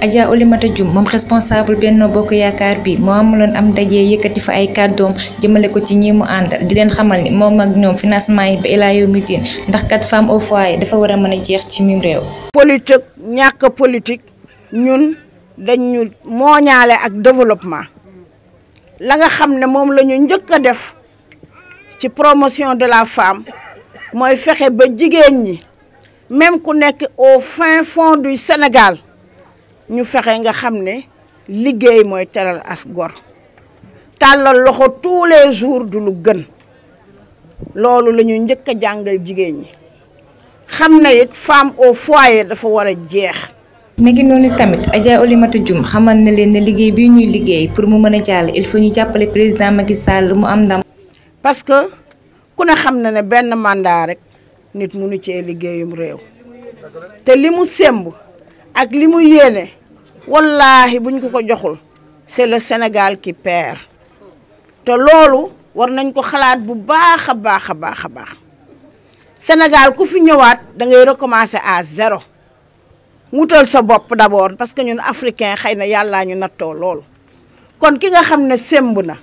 Adja Oulimata Dioum moom responsable Benno Bokk Yaakaar bi moo amaloon am dajee yëkkati fa ay kàddoom jëmale ko ci ñiimu mu àndal di leen xamal ni moom ak ñoom financement yi ba ilaa yow mi diin ndax kat femme au foyer dafa wara a mën a jeex ci mim réew. politique ñàkk politique ñun dañ ñu mooñaale ak développement la nga xam ne moom la ñu njëkk a def ci promotion de la femme mooy fexe ba jigéen ñi même ku nekk au fin fond du Sénégal. ñu fexe nga xam ne liggéey mooy teral as gor tàllal loxo tous les jours du lu gën loolu la ñu njëkk jàngal jigéen ñi xam na it femme au foyer dafa war a jeex. ni ngi noonu tamit Adja Oulimata jum xamal na leen ne liggéey bii ñuy liggéey pour mu mën a jàll il faut ñu jàppale président Macky Sall mu am ndam. parce que ku ne xam na ne benn mandat rek nit munu cee liggéeyum réew te li mu semb ak li mu yéene. wallaahi buñ ko ko joxul c'est le Sénégal qui perd te loolu war nañ ko xalaat bu baax a baax a baax baax Sénégal ku fi ñëwaat da ngay recommencer à zéro wutal sa bopp d'abord parce que ñun africain xëy na yàllaa ñu nattoo loolu kon ki nga xam ne sémb na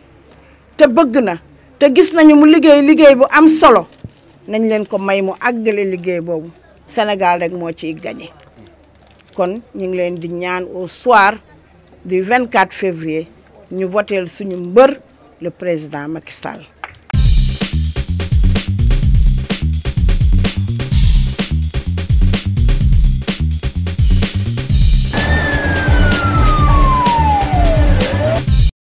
te bëgg na te gis nañu mu liggéey liggéey bu am solo nañ leen ko may mu àggale liggéey boobu Sénégal rek moo ciy gañe kon ñu ngi leen di ñaan au soir du 24 février ñu voteel suñu mbër le président Macky